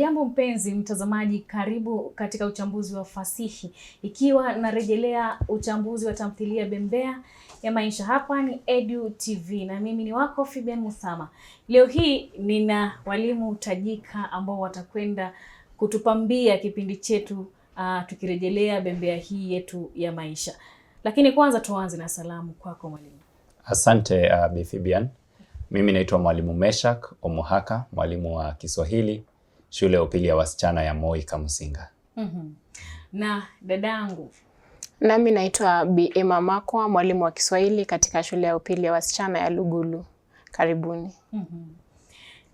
Hujambo mpenzi mtazamaji, karibu katika uchambuzi wa fasihi, ikiwa narejelea uchambuzi wa tamthilia Bembea ya Maisha. Hapa ni Edu TV na mimi ni wako Fabian Musama. Leo hii nina walimu tajika ambao watakwenda kutupambia kipindi chetu, uh, tukirejelea bembea hii yetu ya maisha, lakini kwanza tuanze na salamu kwako mwalimu. Asante uh, Bi Mimi naitwa mwalimu Meshak Omuhaka, mwalimu wa Kiswahili shule ya upili ya wasichana ya Moi Kamusinga. mm -hmm. Na dadangu, nami naitwa Bi Emma Makwa, mwalimu wa Kiswahili katika shule ya upili ya wasichana ya Lugulu. Karibuni. mm -hmm.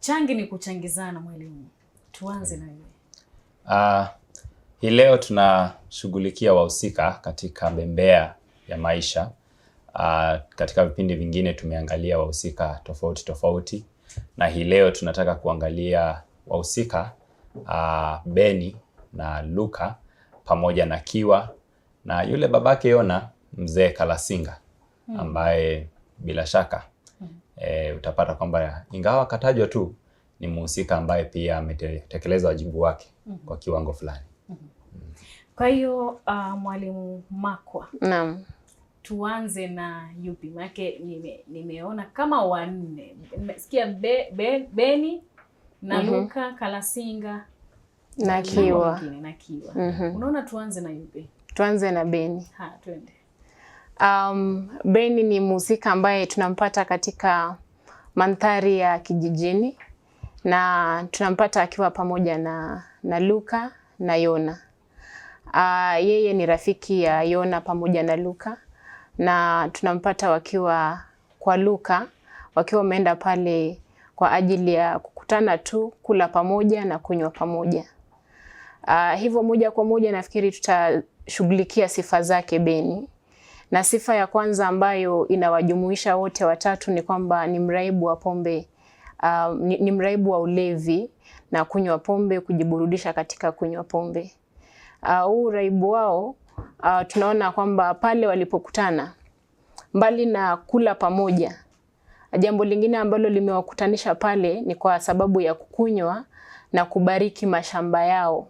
Changi ni kuchangizana. Mwalimu, tuanze na wewe. Uh, hii leo tunashughulikia wahusika katika bembea ya maisha. Uh, katika vipindi vingine tumeangalia wahusika tofauti tofauti, na hii leo tunataka kuangalia wahusika uh, ah, Beni na Luka pamoja na Kiwa na yule babake Yona mzee Kalasinga hmm. ambaye bila shaka e, utapata kwamba ingawa akatajwa tu ni mhusika ambaye pia ametekeleza wajibu wake mm -hmm. kwa kiwango fulani mm -hmm. Kwa hiyo uh, Mwalimu Makwa, naam, tuanze na yupi? Maanake nimeona kama wanne, nimesikia be, be, Beni na Luka mhm. Kalasinga na Kiwa, na Kiwa. Mhm. Unaona, tuanze na yupi? Tuanze na Beni. Ha, twende. Um, Beni ni mhusika ambaye tunampata katika mandhari ya kijijini na tunampata akiwa pamoja na, na Luka na Yona. Uh, yeye ni rafiki ya Yona pamoja na Luka na tunampata wakiwa kwa Luka wakiwa wameenda pale kwa ajili ya kukutana tu kula pamoja na kunywa pamoja. Uh, hivyo moja kwa moja nafikiri tutashughulikia sifa zake Beni, na sifa ya kwanza ambayo inawajumuisha wote watatu ni kwamba ni mraibu wa pombe uh, ni, ni mraibu wa ulevi na kunywa pombe, kujiburudisha katika kunywa pombe. Ah, huu uh, uraibu wao uh, tunaona kwamba pale walipokutana, mbali na kula pamoja Jambo lingine ambalo limewakutanisha pale ni kwa sababu ya kukunywa na kubariki mashamba yao,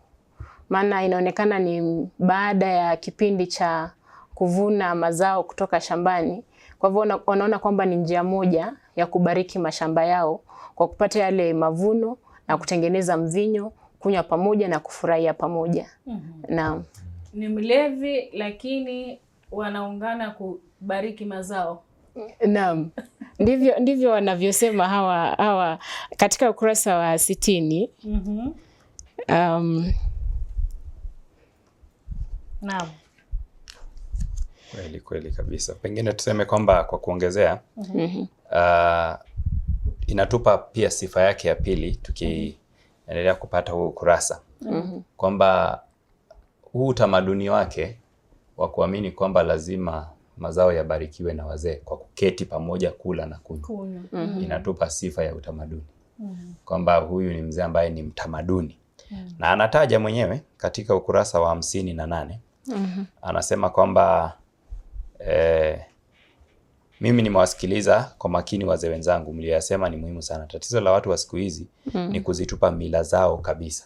maana inaonekana ni baada ya kipindi cha kuvuna mazao kutoka shambani. Kwa hivyo wanaona kwamba ni njia moja ya kubariki mashamba yao kwa kupata yale mavuno na kutengeneza mvinyo, kunywa pamoja na kufurahia pamoja. Mm -hmm. Na ni mlevi lakini wanaungana kubariki mazao. Naam. Ndivyo ndivyo wanavyosema hawa hawa katika ukurasa wa sitini. mm -hmm. um, naam. Kweli kweli kabisa. Pengine tuseme kwamba kwa kuongezea, mm -hmm. uh, inatupa pia sifa yake ya pili tukiendelea kupata huu ukurasa mm -hmm. kwamba huu utamaduni wake wa kuamini kwamba lazima mazao yabarikiwe na wazee kwa kuketi pamoja kula na kunywa mm -hmm. Inatupa sifa ya utamaduni mm -hmm. kwamba huyu ni mzee ambaye ni mtamaduni mm -hmm. na anataja mwenyewe katika ukurasa wa hamsini na nane mm -hmm. anasema kwamba eh, mimi nimewasikiliza kwa makini wazee wenzangu, mlioyasema ni muhimu sana. Tatizo la watu wa siku hizi mm. ni kuzitupa mila zao kabisa,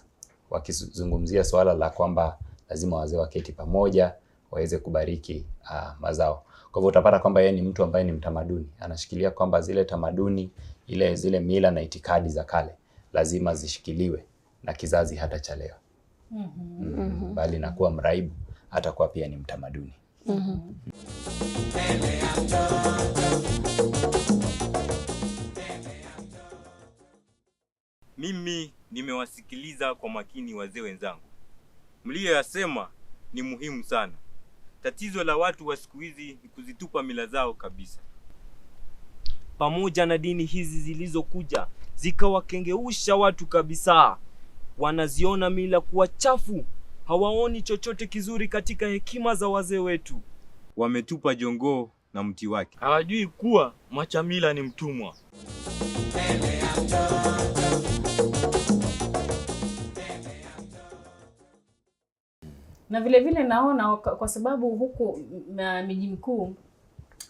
wakizungumzia swala la kwamba lazima wazee waketi pamoja, waweze kubariki uh, mazao. Kwa hivyo utapata kwamba yeye ni mtu ambaye ni mtamaduni, anashikilia kwamba zile tamaduni ile zile mila na itikadi za kale lazima zishikiliwe na kizazi hata cha leo. mm -hmm. mm -hmm. Bali na kuwa mraibu atakuwa pia ni mtamaduni. mm -hmm. Mimi nimewasikiliza kwa makini wazee wenzangu, mliyoyasema ni muhimu sana. Tatizo la watu wa siku hizi ni kuzitupa mila zao kabisa, pamoja na dini hizi zilizokuja zikawakengeusha watu kabisa. Wanaziona mila kuwa chafu, hawaoni chochote kizuri katika hekima za wazee wetu. Wametupa jongoo na mti wake, hawajui kuwa mwacha mila ni mtumwa. na vile vile naona kwa sababu huku miji mkuu,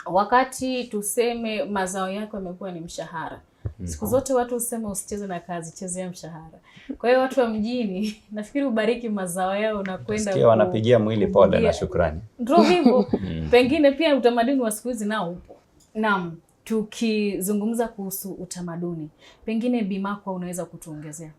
wakati tuseme mazao yako yamekuwa ni mshahara mm-hmm. siku zote watu husema usicheze na kazi, chezea mshahara. Kwa hiyo watu wa mjini nafikiri ubariki mazao yao na kwenda wanapigia mwili pole na shukrani, ndio hivyo mm. pengine pia utamaduni wa siku hizi nao upo. Naam, tukizungumza kuhusu utamaduni, pengine Bimakwa unaweza kutuongezea?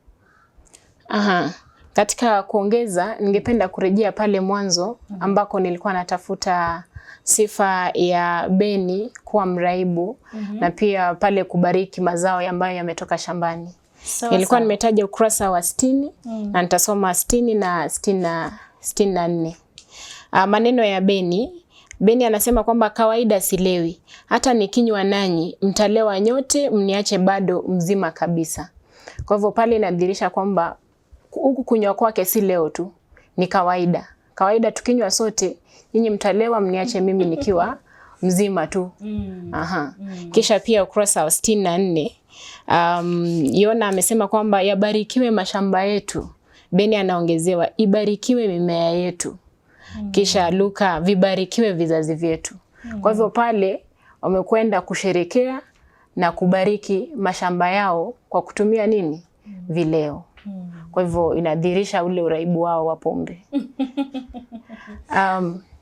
Aha. Katika kuongeza, ningependa kurejea pale mwanzo mhm. ambako nilikuwa natafuta sifa ya Beni kuwa mraibu mm -hmm. na pia pale kubariki mazao ambayo yametoka shambani. So, nilikuwa so. nimetaja ukurasa wa sitini mm. na nitasoma sitini na sitini na nne ah, maneno ya Beni. Beni anasema kwamba kawaida silewi, hata nikinywa nanyi mtalewa nyote, mniache bado mzima kabisa. Kwa hivyo pale inadhihirisha kwamba huku kunywa kwake si leo tu, ni kawaida kawaida. Tukinywa sote, nyinyi mtalewa, mniache mimi nikiwa mzima tu. Mm. Aha. Mm. Kisha pia ukurasa wa sitini na nne um, Yona amesema kwamba yabarikiwe mashamba yetu. Beni anaongezewa ibarikiwe mimea yetu. Mm. Kisha Luka vibarikiwe vizazi vyetu. Mm. Kwa hivyo pale wamekwenda kusherekea na kubariki mashamba yao kwa kutumia nini? Mm. Vileo. Mm. Kwa hivyo inadhihirisha ule uraibu wao wa pombe. um,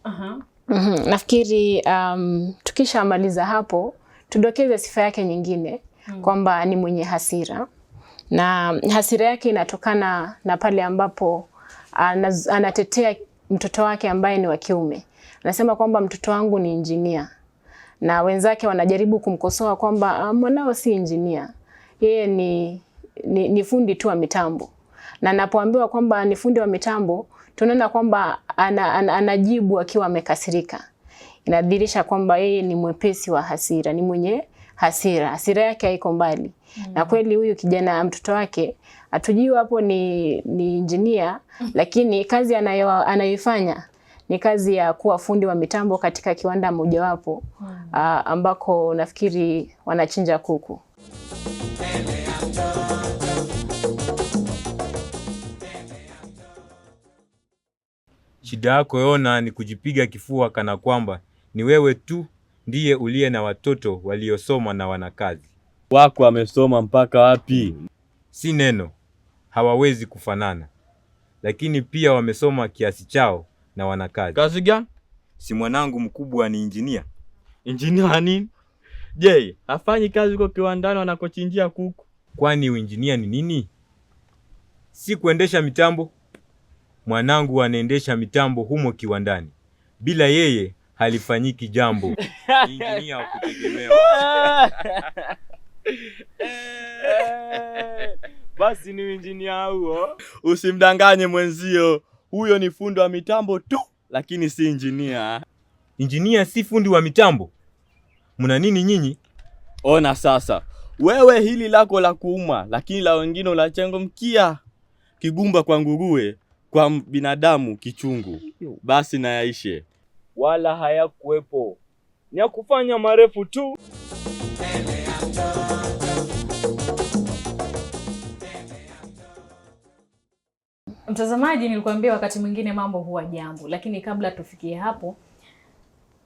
uh -huh. Mhm, nafikiri um, tukishamaliza hapo tudokeze sifa yake nyingine hmm. kwamba ni mwenye hasira na hasira yake inatokana na pale ambapo anaz, anatetea mtoto wake ambaye ni wa kiume. Anasema kwamba mtoto wangu ni injinia, na wenzake wanajaribu kumkosoa kwamba ah, mwanao si injinia, yeye ni, ni, ni fundi tu wa mitambo na napoambiwa kwamba ni fundi wa mitambo, tunaona kwamba ana, ana, anajibu akiwa amekasirika. Inadhihirisha kwamba yeye ni mwepesi wa hasira, ni mwenye hasira, hasira yake haiko mbali mm. Na kweli huyu kijana mtoto wake hatujui hapo ni, ni injinia mm. Lakini kazi anayoifanya ni kazi ya kuwa fundi wa mitambo katika kiwanda mojawapo mm. Ah, ambako nafikiri wanachinja kuku Shida yako Yona ni kujipiga kifua kana kwamba ni wewe tu ndiye uliye na watoto waliosoma na wana kazi. Wako amesoma mpaka wapi? Si neno, hawawezi kufanana, lakini pia wamesoma kiasi chao na wana kazi. Kazi gani? Si mwanangu mkubwa ni injinia. Injinia nini? Je, hafanyi kazi huko kiwandani wanakochinjia kuku? Kwani uinjinia ni nini? Si kuendesha mitambo? mwanangu anaendesha mitambo humo kiwandani, bila yeye halifanyiki jambo. Injinia wa kutegemewa. Basi ni injinia huo, usimdanganye mwenzio, huyo ni fundi wa mitambo tu, lakini si injinia. Injinia si fundi wa mitambo? Mna nini nyinyi? Ona sasa, wewe hili lako la kuuma, lakini la wengine unachangamkia kigumba kwa nguruwe kwa binadamu kichungu, basi na yaishe, wala hayakuwepo ni ya kufanya marefu tu. Mtazamaji, nilikwambia wakati mwingine mambo huwa jambo, lakini kabla tufikie hapo,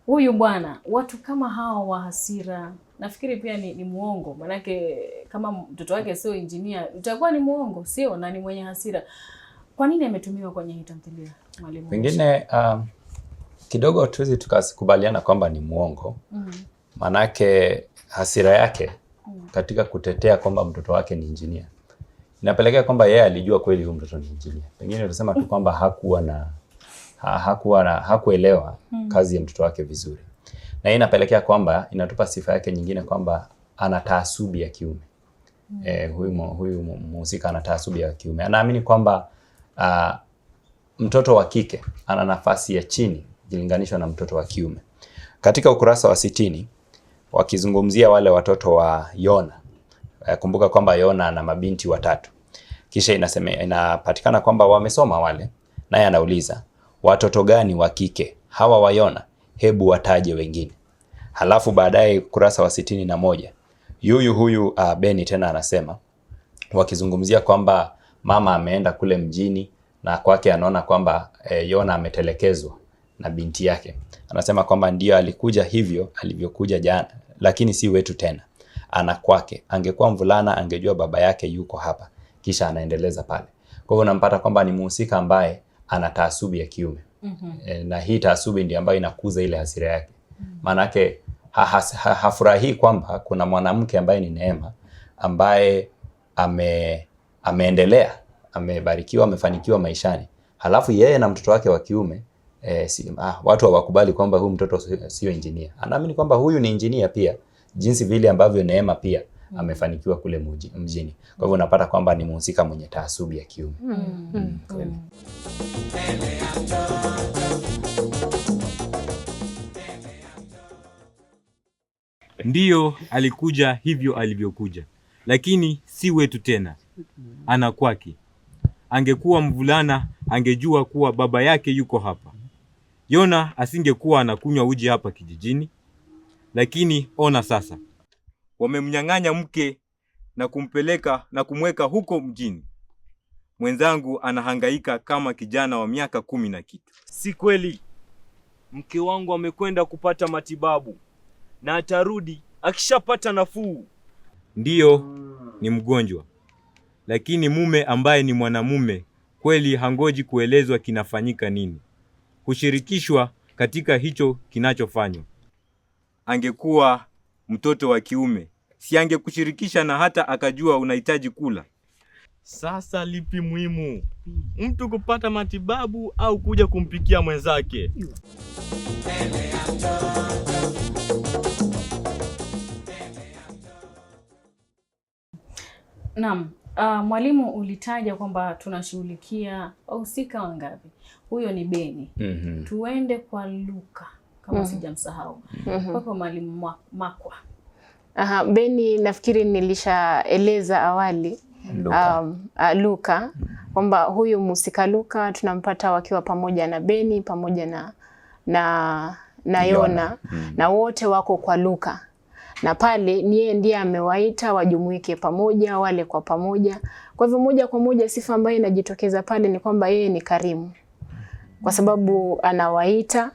huyu bwana, watu kama hawa wa hasira, nafikiri pia ni, ni muongo. Manake kama mtoto wake sio injinia, utakuwa ni muongo, sio na ni mwenye hasira. Kwa nini imetumiwa kwenye hii tamthilia mwalimu? Pengine um, kidogo tuwezi tukakubaliana kwamba ni mwongo maanake mm-hmm. mm -hmm. hasira yake mm katika kutetea kwamba mtoto wake ni injinia inapelekea kwamba yeye alijua kweli huyu mtoto ni injinia. Pengine utasema tu mm-hmm. kwamba hakuwa na ha, hakuwa na hakuelewa mm. kazi ya mtoto wake vizuri, na hii inapelekea kwamba inatupa sifa yake nyingine kwamba ana taasubi ya kiume mm. Eh, huyu huyu mhusika ana taasubi ya kiume, anaamini kwamba uh, mtoto wa kike ana nafasi ya chini ikilinganishwa na mtoto wa kiume. Katika ukurasa wa sitini wakizungumzia wale watoto wa Yona. Uh, kumbuka kwamba Yona ana mabinti watatu. Kisha inasema inapatikana kwamba wamesoma wale, naye anauliza watoto gani wa kike hawa wa Yona? Hebu wataje wengine. Halafu baadaye ukurasa wa sitini na moja yuyu huyu uh, Beni tena anasema wakizungumzia kwamba mama ameenda kule mjini na kwake anaona kwamba e, Yona ametelekezwa na binti yake. Anasema kwamba ndio alikuja hivyo alivyokuja jana, lakini si wetu tena, ana kwake. Angekuwa mvulana angejua baba yake yuko hapa. Kisha anaendeleza pale. Kwa hivyo unampata kwamba ni mhusika ambaye ana taasubi ya kiume mm -hmm. E, na hii taasubi ndiyo ambayo inakuza ile hasira yake maanake mm -hmm. Ha, ha, hafurahii kwamba kuna mwanamke ambaye ni Neema ambaye ame ameendelea, amebarikiwa, amefanikiwa maishani, halafu yeye na mtoto wake wa kiume eh, si, ah, watu hawakubali kwamba huyu mtoto sio injinia. Anaamini kwamba huyu ni injinia pia, jinsi vile ambavyo Neema pia hmm. amefanikiwa kule mjini. Kwa hivyo unapata kwamba ni mhusika mwenye taasubi ya kiume. mm. mm. mm. Ndiyo, alikuja hivyo alivyokuja, lakini si wetu tena kwake. Angekuwa mvulana, angejua kuwa baba yake yuko hapa. Yona asingekuwa anakunywa uji hapa kijijini. Lakini ona sasa, wamemnyang'anya mke na kumpeleka na kumweka huko mjini. Mwenzangu anahangaika kama kijana wa miaka kumi na kitu. Si kweli, mke wangu amekwenda kupata matibabu na atarudi akishapata nafuu. Ndiyo, ni mgonjwa lakini mume ambaye ni mwanamume kweli hangoji kuelezwa kinafanyika nini, hushirikishwa katika hicho kinachofanywa. Angekuwa mtoto wa kiume, si angekushirikisha na hata akajua unahitaji kula. Sasa lipi muhimu, mtu kupata matibabu au kuja kumpikia mwenzake? Naam, Uh, mwalimu ulitaja kwamba tunashughulikia wahusika wangapi? Huyo ni Beni. mm -hmm. Tuende kwa Luka kama mm -hmm. sijamsahau mm -hmm. kwako mwalimu Makwa. Aha, Beni nafikiri nilishaeleza awali Luka, um, uh, Luka kwamba huyu mhusika Luka tunampata wakiwa pamoja na Beni pamoja na na na Yona, Yona. Mm -hmm. na wote wako kwa Luka na pale niye ndiye amewaita wajumuike pamoja, wale kwa pamoja. Kwa hivyo moja kwa moja sifa ambayo inajitokeza pale ni kwamba yeye ni karimu, kwa sababu anawaita,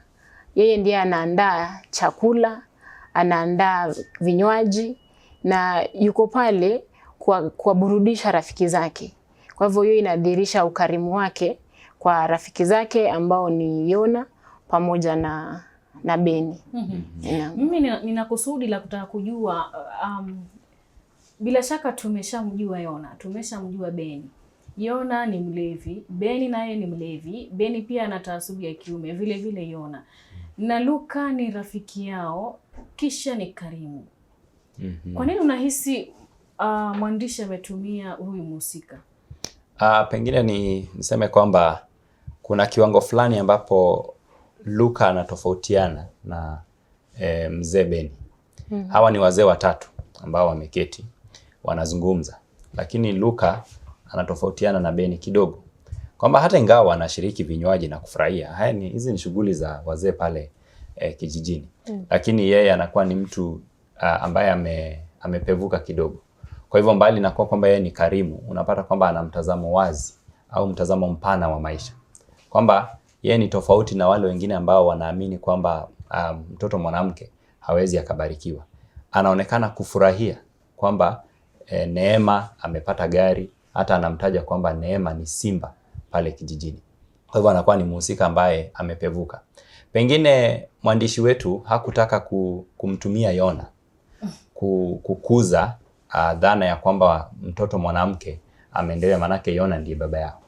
yeye ndiye anaandaa chakula, anaandaa vinywaji na yuko pale kwa kuwaburudisha rafiki zake. Kwa hivyo hiyo inadhihirisha ukarimu wake kwa rafiki zake ambao ni Yona pamoja na na Beni. mm -hmm. Mimi nina kusudi la kutaka kujua uh, um, bila shaka tumeshamjua Yona, tumeshamjua Beni. Yona ni mlevi, Beni naye ni mlevi. Beni pia ana taasubu ya kiume vile vile Yona, na Luka ni rafiki yao, kisha ni Karimu. mm -hmm. Kwa nini unahisi uh, mwandishi ametumia huyu mhusika? Uh, ah, pengine ni niseme kwamba kuna kiwango fulani ambapo Luka anatofautiana na e, mzee Beni. mm -hmm. Hawa ni wazee watatu ambao wameketi wanazungumza, lakini Luka anatofautiana na Beni kidogo kwamba hata ingawa wanashiriki vinywaji na kufurahia, haya ni hizi ni shughuli za wazee pale e, kijijini mm. Lakini yeye anakuwa ni mtu a, ambaye ame, amepevuka kidogo. Kwa hivyo mbali na kwamba yeye ni karimu, unapata kwamba ana mtazamo wazi au mtazamo mpana wa maisha kwamba yeye ni tofauti na wale wengine ambao wanaamini kwamba um, mtoto um, mwanamke hawezi akabarikiwa. Anaonekana kufurahia kwamba e, Neema amepata gari, hata anamtaja kwamba Neema ni simba pale kijijini. Kwa hivyo anakuwa ni mhusika ambaye amepevuka. Pengine mwandishi wetu hakutaka kumtumia Yona kukuza uh, dhana ya kwamba mtoto mwanamke ameendelea, maanake Yona ndiye baba yao.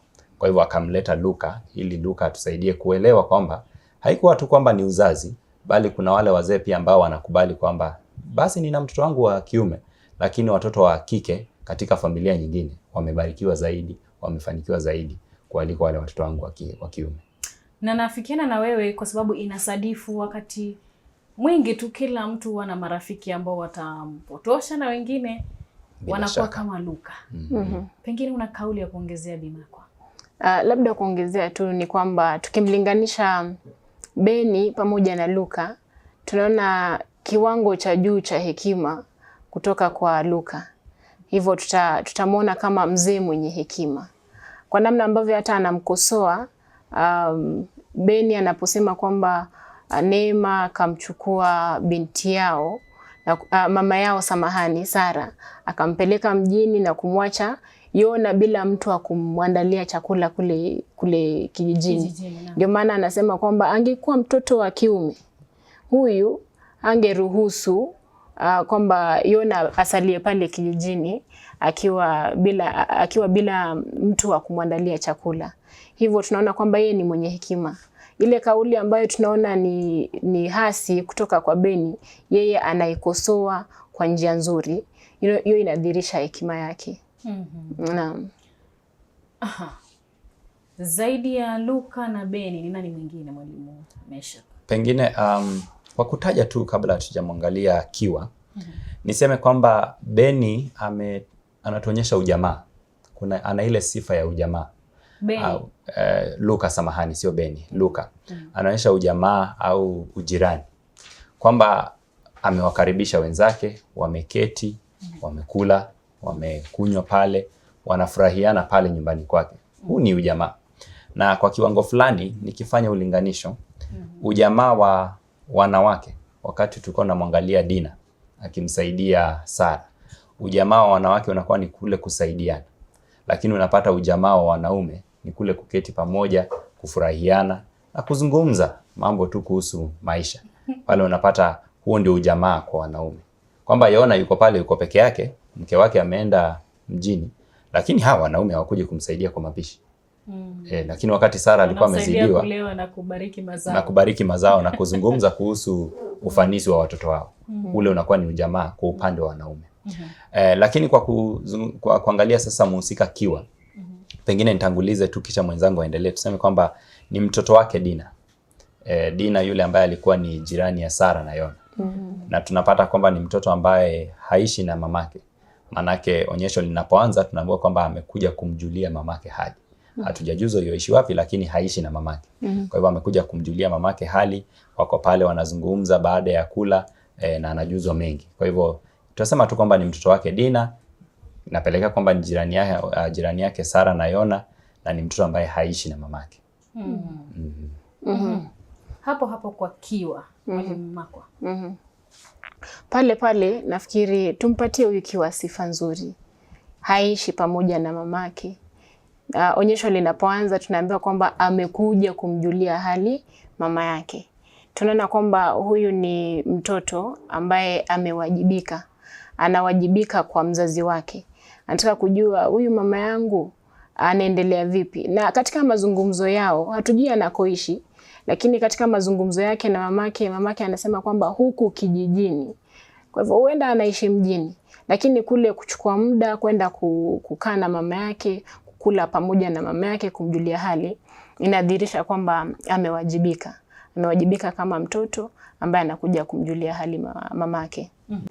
Kwa hivyo akamleta Luka ili Luka atusaidie kuelewa kwamba haikuwa tu kwamba ni uzazi, bali kuna wale wazee pia ambao wanakubali kwamba basi nina mtoto wangu wa kiume, lakini watoto wa kike katika familia nyingine wamebarikiwa zaidi, wamefanikiwa zaidi kuliko wale watoto wangu wa kiume. Na nafikiana na wewe kwa sababu inasadifu wakati mwingi tu kila mtu ana marafiki ambao watampotosha na wengine wanakuwa kama Luka. mm -hmm. Pengine una kauli ya kuongezea Bima kwa Uh, labda kuongezea tu ni kwamba tukimlinganisha Beni pamoja na Luka tunaona kiwango cha juu cha hekima kutoka kwa Luka, hivyo tuta, tutamwona kama mzee mwenye hekima kwa namna ambavyo hata anamkosoa um, Beni anaposema kwamba ah, Neema akamchukua binti yao na, uh, mama yao samahani, Sara akampeleka mjini na kumwacha yona bila mtu wa kumwandalia chakula kule, kule kijijini. Ndio maana anasema kwamba angekuwa mtoto wa kiume huyu angeruhusu uh, kwamba Yona asalie pale kijijini akiwa bila, akiwa bila mtu wa kumwandalia chakula. Hivyo tunaona kwamba yeye ni mwenye hekima. Ile kauli ambayo tunaona ni, ni hasi kutoka kwa Beni, yeye anaikosoa kwa njia nzuri. Hiyo inadhihirisha hekima yake mm -hmm. Naam. Aha. Zaidi ya Luka na Beni ni nani mwingine mwalimu Mesha? Pengine um, kwa kutaja tu kabla hatujamwangalia akiwa mm -hmm. Niseme kwamba Beni ame, anatuonyesha ujamaa. Kuna ana ile sifa ya ujamaa au, eh, Luka samahani, sio Beni, mm-hmm. Luka mm -hmm. Anaonyesha ujamaa au ujirani kwamba amewakaribisha wenzake, wameketi, mm-hmm. wamekula wamekunywa pale, wanafurahiana pale nyumbani kwake. Huu ni ujamaa, na kwa kiwango fulani nikifanya ulinganisho, mm-hmm. ujamaa wa wanawake wakati tulikuwa namwangalia Dina akimsaidia Sara, ujamaa wa wanawake unakuwa ni kule kusaidiana, lakini unapata ujamaa wa wanaume ni kule kuketi pamoja, kufurahiana na kuzungumza mambo tu kuhusu maisha. Pale unapata huo ndio ujamaa kwa wanaume, kwamba Yona yuko pale, yuko peke yake, mke wake ameenda mjini, lakini hawa wanaume hawakuja kumsaidia kwa mapishi mm. E, lakini wakati Sara alikuwa amezidiwa na kubariki mazao na, kubariki mazao, na kuzungumza kuhusu ufanisi wa watoto wao mm. Ule unakuwa ni ujamaa kwa upande wa wanaume mm -hmm. E, lakini kwa, kuzung, kwa kuangalia sasa muhusika Kiwa mm -hmm. Pengine nitangulize tu kisha mwenzangu aendelee, tuseme kwamba ni mtoto wake Dina e, Dina yule ambaye alikuwa ni jirani ya Sara na Yona mm -hmm. Na tunapata kwamba ni mtoto ambaye haishi na mamake Manake onyesho linapoanza tunaambiwa kwamba amekuja kumjulia mamake hali. Mm-hmm. Hatujajuzwa ishi wapi, lakini haishi na mamake. Mm-hmm. Kwa hivyo amekuja kumjulia mamake hali, wako pale wanazungumza baada ya kula e, na anajuzwa mengi. Kwa hivyo tunasema tu kwamba ni mtoto wake Dina, napelekea kwamba ni jirani yake, jirani yake Sara na Yona, na ni mtoto ambaye haishi na mamake. Mm -hmm. Mm -hmm. Mm -hmm. Hapo hapo kwa kiwa mm -hmm. alimakwa mm -hmm. Pale pale nafikiri tumpatie kiwa sifa nzuri, haishi pamoja na mamake. Uh, onyesho linapoanza tunaambiwa kwamba amekuja kumjulia hali mama yake. Tunaona kwamba huyu ni mtoto ambaye amewajibika, anawajibika kwa mzazi wake, anataka kujua huyu mama yangu anaendelea vipi, na katika mazungumzo yao hatujui anakoishi lakini katika mazungumzo yake na mamake, mamake anasema kwamba huku kijijini. Kwa hivyo huenda anaishi mjini, lakini kule kuchukua muda kwenda kukaa na mama yake, kukula pamoja na mama yake, kumjulia hali, inadhihirisha kwamba amewajibika. Amewajibika kama mtoto ambaye anakuja kumjulia hali mamake. Mm-hmm.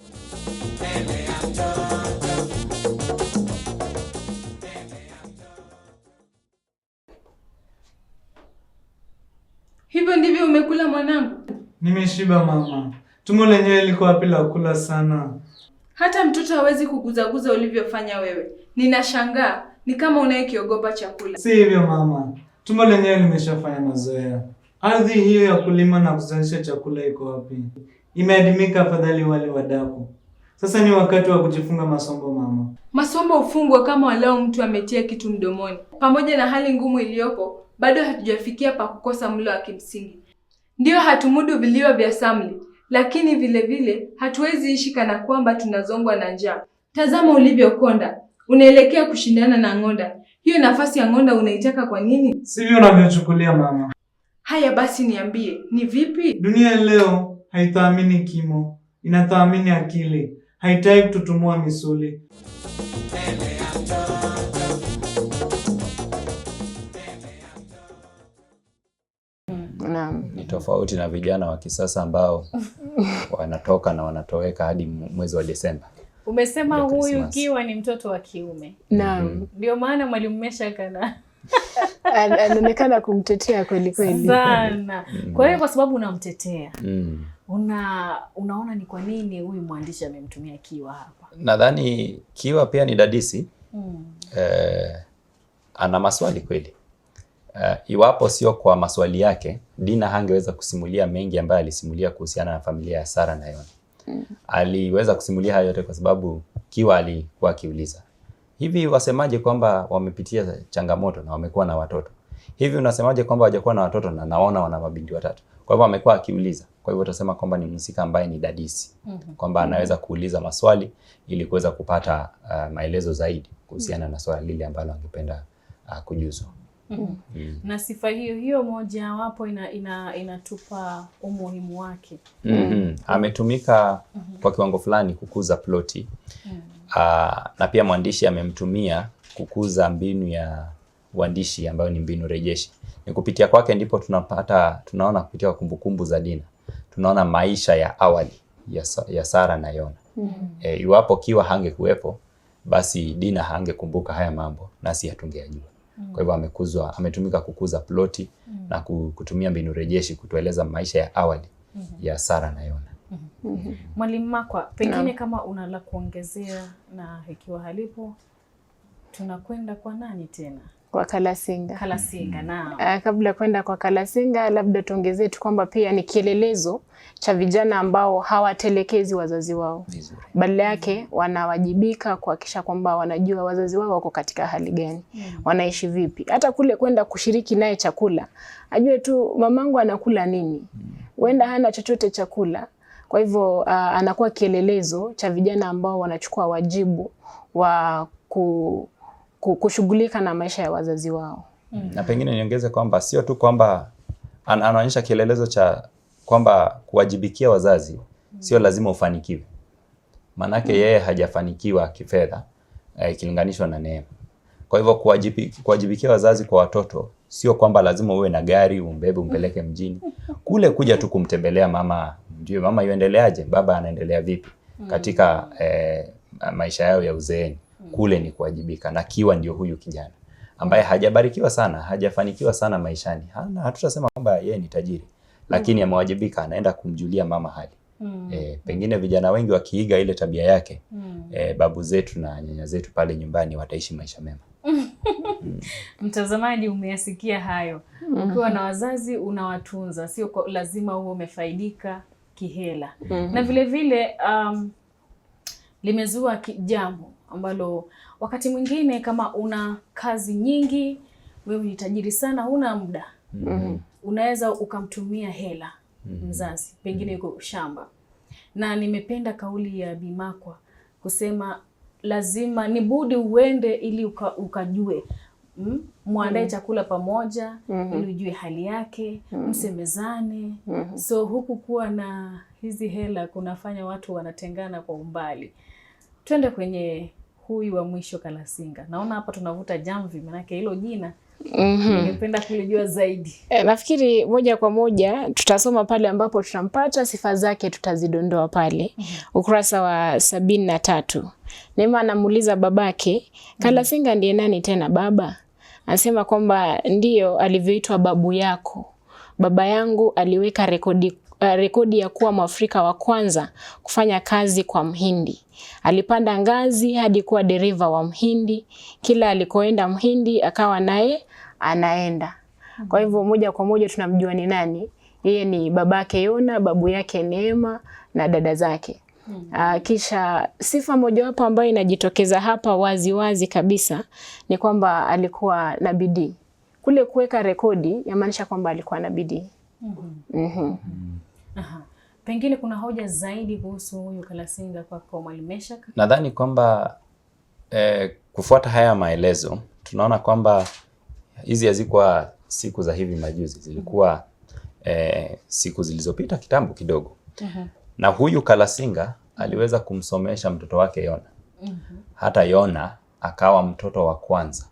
Hivi umekula mwanangu? Nimeshiba mama, tumbo lenyewe liko wapi la kula sana. Hata mtoto hawezi kuguzaguza ulivyofanya wewe. Ninashangaa, ni kama unayekiogopa chakula. Si hivyo mama, tumbo lenyewe limeshafanya mazoea. Ardhi hiyo ya kulima na kuzalisha chakula iko wapi? Imeadimika, afadhali wale wadako. Sasa ni wakati wa kujifunga masombo mama. Masombo hufungwa kama walao mtu ametia kitu mdomoni. Pamoja na hali ngumu iliyopo, bado hatujafikia pa kukosa mlo wa kimsingi. Ndiyo, hatumudu vilio vya Samli, lakini vilevile hatuwezi ishi kana kwamba tunazongwa na njaa. Tazama ulivyokonda, unaelekea kushindana na Ng'onda. Hiyo nafasi ya Ng'onda unaitaka kwa nini? Sivyo unavyochukulia mama. Haya basi, niambie ni vipi? Dunia leo haithamini kimo, inathaamini akili, haitaki kututumua misuli tofauti na vijana wa kisasa ambao wanatoka na wanatoweka hadi mwezi wa Desemba. Umesema huyu kiwa ni mtoto wa kiume. Naam. Mhm. Ndio maana Mwalimu mesha kana anaonekana kumtetea kweli kweli sana. Mhm. Kwa hiyo kwa sababu unamtetea mm. Una, unaona ni kwa nini huyu mwandishi amemtumia Kiwa hapa? Nadhani Kiwa pia ni dadisi mm. Eh, ana maswali kweli Uh, iwapo sio kwa maswali yake Dina hangeweza kusimulia mengi ambayo alisimulia kuhusiana na familia ya Sara na Yona. Mm. Aliweza kusimulia hayo yote kwa sababu Kiwa alikuwa akiuliza hivi, wasemaje kwamba wamepitia changamoto na wamekuwa na watoto hivi, unasemaje kwamba wajakuwa na watoto na naona wana mabinti watatu? Kwa hivyo amekuwa akiuliza, kwa hivyo utasema kwamba ni mhusika ambaye ni dadisi mm -hmm. kwamba mm-hmm. anaweza kuuliza maswali ili kuweza kupata uh, maelezo zaidi kuhusiana mm -hmm. na swali lile ambalo angependa uh, eh, kujuzwa. Mm Na sifa hiyo hiyo moja wapo ina, ina, inatupa umuhimu wake. mm -hmm. Mm Ametumika mm -hmm. kwa kiwango fulani kukuza ploti. mm Aa, ah, na pia mwandishi amemtumia kukuza mbinu ya uandishi ambayo ni mbinu rejeshi. Ni kupitia kwake ndipo tunapata tunaona kupitia kumbukumbu za Dina tunaona maisha ya awali ya, ya Sara na Yona. mm -hmm. E, iwapo Kiwa hangekuwepo basi Dina hangekumbuka haya mambo nasi hatungeajua Mm. Kwa hivyo amekuzwa, ametumika kukuza ploti mm. na kutumia mbinu rejeshi kutueleza maisha ya awali mm -hmm. ya Sara na Yona. Mm-hmm. Mm-hmm. Mwalimu mm -hmm. Makwa, pengine no. kama una la kuongezea, na ikiwa halipo tunakwenda kwa nani tena? kwa Kalasinga, Kalasinga mm-hmm. na. Uh, eh, kabla kwenda kwa Kalasinga, labda tuongezee tu kwamba pia ni kielelezo cha vijana ambao hawatelekezi wazazi wao, badala yake mm-hmm. wanawajibika kuhakikisha kwamba wanajua wazazi wao wako katika hali gani, mm. wanaishi vipi, hata kule kwenda kushiriki naye chakula, ajue tu mamangu anakula nini, huenda mm. hana chochote chakula kwa hivyo uh, anakuwa kielelezo cha vijana ambao wanachukua wajibu wa ku kushughulika na maisha ya wazazi wao. Mm -hmm. Na pengine niongeze kwamba sio tu kwamba an, anaonyesha kielelezo cha kwamba kuwajibikia wazazi mm. sio lazima ufanikiwe, maanake mm. yeye mm -hmm. hajafanikiwa kifedha eh, ikilinganishwa eh, na Neema. Kwa hivyo kuwajibikia, kuwajibi wazazi kwa watoto sio kwamba lazima uwe na gari umbebe umpeleke mjini, kule kuja tu kumtembelea mama, ndio mama yuendeleaje, baba anaendelea vipi mm. katika eh, maisha yao ya uzeeni kule ni kuwajibika, na kiwa ndio huyu kijana ambaye hajabarikiwa sana, hajafanikiwa sana maishani. Hana, hatutasema kwamba yeye ni tajiri, lakini mm. amewajibika, anaenda kumjulia mama hali. Mm. E, pengine vijana wengi wakiiga ile tabia yake mm. E, babu zetu na nyanya zetu pale nyumbani wataishi maisha mema. mm. Mtazamaji, umeyasikia hayo. Mm-hmm. Ukiwa na wazazi unawatunza, sio lazima huo umefaidika kihela. mm -hmm. Na vile vile um, limezua jambo ambalo wakati mwingine kama una kazi nyingi, wewe ni tajiri sana, huna muda mm -hmm. unaweza ukamtumia hela mm-hmm. mzazi, pengine mm-hmm. yuko mm -hmm. shamba. Na nimependa kauli ya Bimakwa kusema lazima ni budi uende ili uka, ukajue mwandae mm -hmm. chakula pamoja mm -hmm. ili ujue hali yake mm -hmm. msemezane mm -hmm. so huku kuwa na hizi hela kunafanya watu wanatengana kwa umbali. Twende kwenye huyu wa mwisho Kalasinga. Naona hapa tunavuta jamvi, manake hilo jina Mm -hmm. Ningependa kulijua zaidi. E, nafikiri moja kwa moja tutasoma pale ambapo tutampata sifa zake tutazidondoa pale. Mm -hmm. Ukurasa wa sabini na tatu. Neema anamuuliza babake, Kalasinga mhm. ndiye nani tena baba? Anasema kwamba ndiyo alivyoitwa babu yako. Baba yangu aliweka rekodi Eh, rekodi ya kuwa Mwafrika wa kwanza kufanya kazi kwa Mhindi. Alipanda ngazi hadi kuwa dereva wa Mhindi. Kila alikoenda Mhindi akawa naye anaenda. Kwa hivyo moja kwa moja tunamjua ni nani. Yeye ni babake Yona, babu yake Neema na dada zake. Uh, kisha sifa mojawapo ambayo inajitokeza hapa wazi wazi kabisa ni kwamba alikuwa na bidii. Kule kuweka rekodi yamaanisha kwamba alikuwa na bidii. Mm Mm -hmm. Mm -hmm. Aha. Pengine kuna hoja zaidi kuhusu huyu Kalasinga kwako Mwalimu Nadhani kwamba eh, kufuata haya maelezo tunaona kwamba hizi hazikuwa siku za hivi majuzi, zilikuwa eh, siku zilizopita kitambo kidogo. Aha. Mhm. Na huyu Kalasinga aliweza kumsomesha mtoto wake Yona. Aha. Mhm. Hata Yona akawa mtoto wa kwanza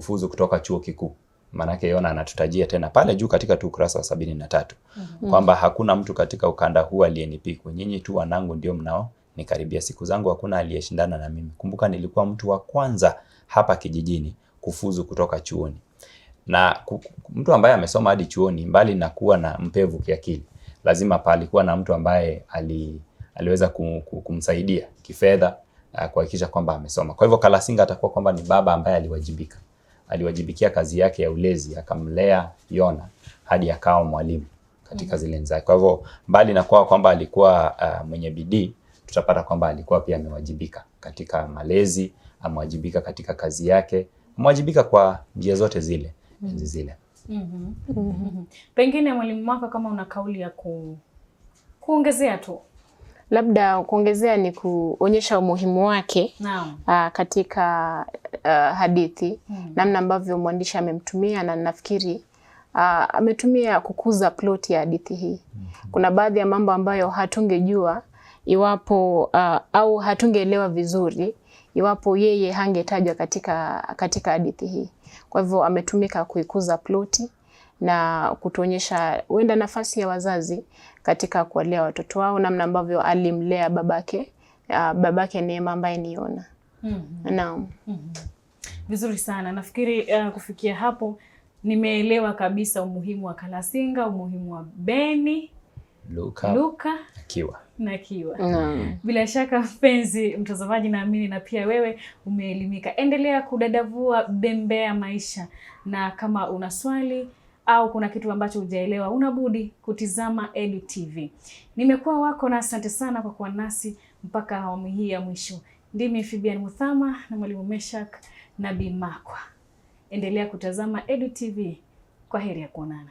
kufuzu kutoka chuo kikuu maanake Yona anatutajia tena pale juu katika tu ukurasa wa sabini na tatu mm -hmm. kwamba hakuna mtu katika ukanda huu aliyenipiku, nyinyi tu wanangu ndio mnao nikaribia siku zangu, hakuna aliyeshindana na mimi. Kumbuka nilikuwa mtu wa kwanza hapa kijijini kufuzu kutoka chuoni, na mtu ambaye amesoma hadi chuoni, mbali na kuwa na mpevu kiakili, lazima palikuwa na mtu ambaye ali, aliweza kum, kumsaidia kifedha kuhakikisha kwamba amesoma. Kwa hivyo Kalasinga atakuwa kwamba ni baba ambaye aliwajibika aliwajibikia kazi yake ya ulezi, akamlea Yona hadi akawa mwalimu katika mhm. zile nzake. Kwa hivyo mbali na kwa kwamba alikuwa uh, mwenye bidii, tutapata kwamba alikuwa pia amewajibika katika malezi, amewajibika katika kazi yake, amewajibika kwa njia zote zile mhm. enzi zile. mm mm -hmm. Pengine mwalimu wako, kama una kauli ya ku kuongezea tu labda kuongezea ni kuonyesha umuhimu wake uh, katika uh, hadithi hmm. Namna ambavyo mwandishi amemtumia na nafikiri uh, ametumia kukuza ploti ya hadithi hii hmm. Kuna baadhi ya mambo ambayo hatungejua iwapo uh, au hatungeelewa vizuri iwapo yeye hangetajwa katika katika hadithi hii. Kwa hivyo ametumika kuikuza ploti na kutuonyesha huenda nafasi ya wazazi katika kuwalea watoto wao, namna ambavyo alimlea babake uh, babake Neema ambaye ni Yona. mm -hmm. Naam. mm -hmm. Vizuri sana. Nafikiri uh, kufikia hapo nimeelewa kabisa umuhimu wa Kalasinga, umuhimu wa Beni Luka, Luka Kiwa na Kiwa. Mm. Bila shaka mpenzi mtazamaji, naamini na pia wewe umeelimika. Endelea kudadavua Bembea Maisha, na kama una swali au kuna kitu ambacho hujaelewa, unabudi kutizama Edu TV. Nimekuwa wako na asante sana kwa kuwa nasi mpaka awamu hii ya mwisho. Ndimi Fibian Muthama na mwalimu Meshak Nabi Makwa. Endelea kutazama Edu TV. Kwa heri ya kuonana.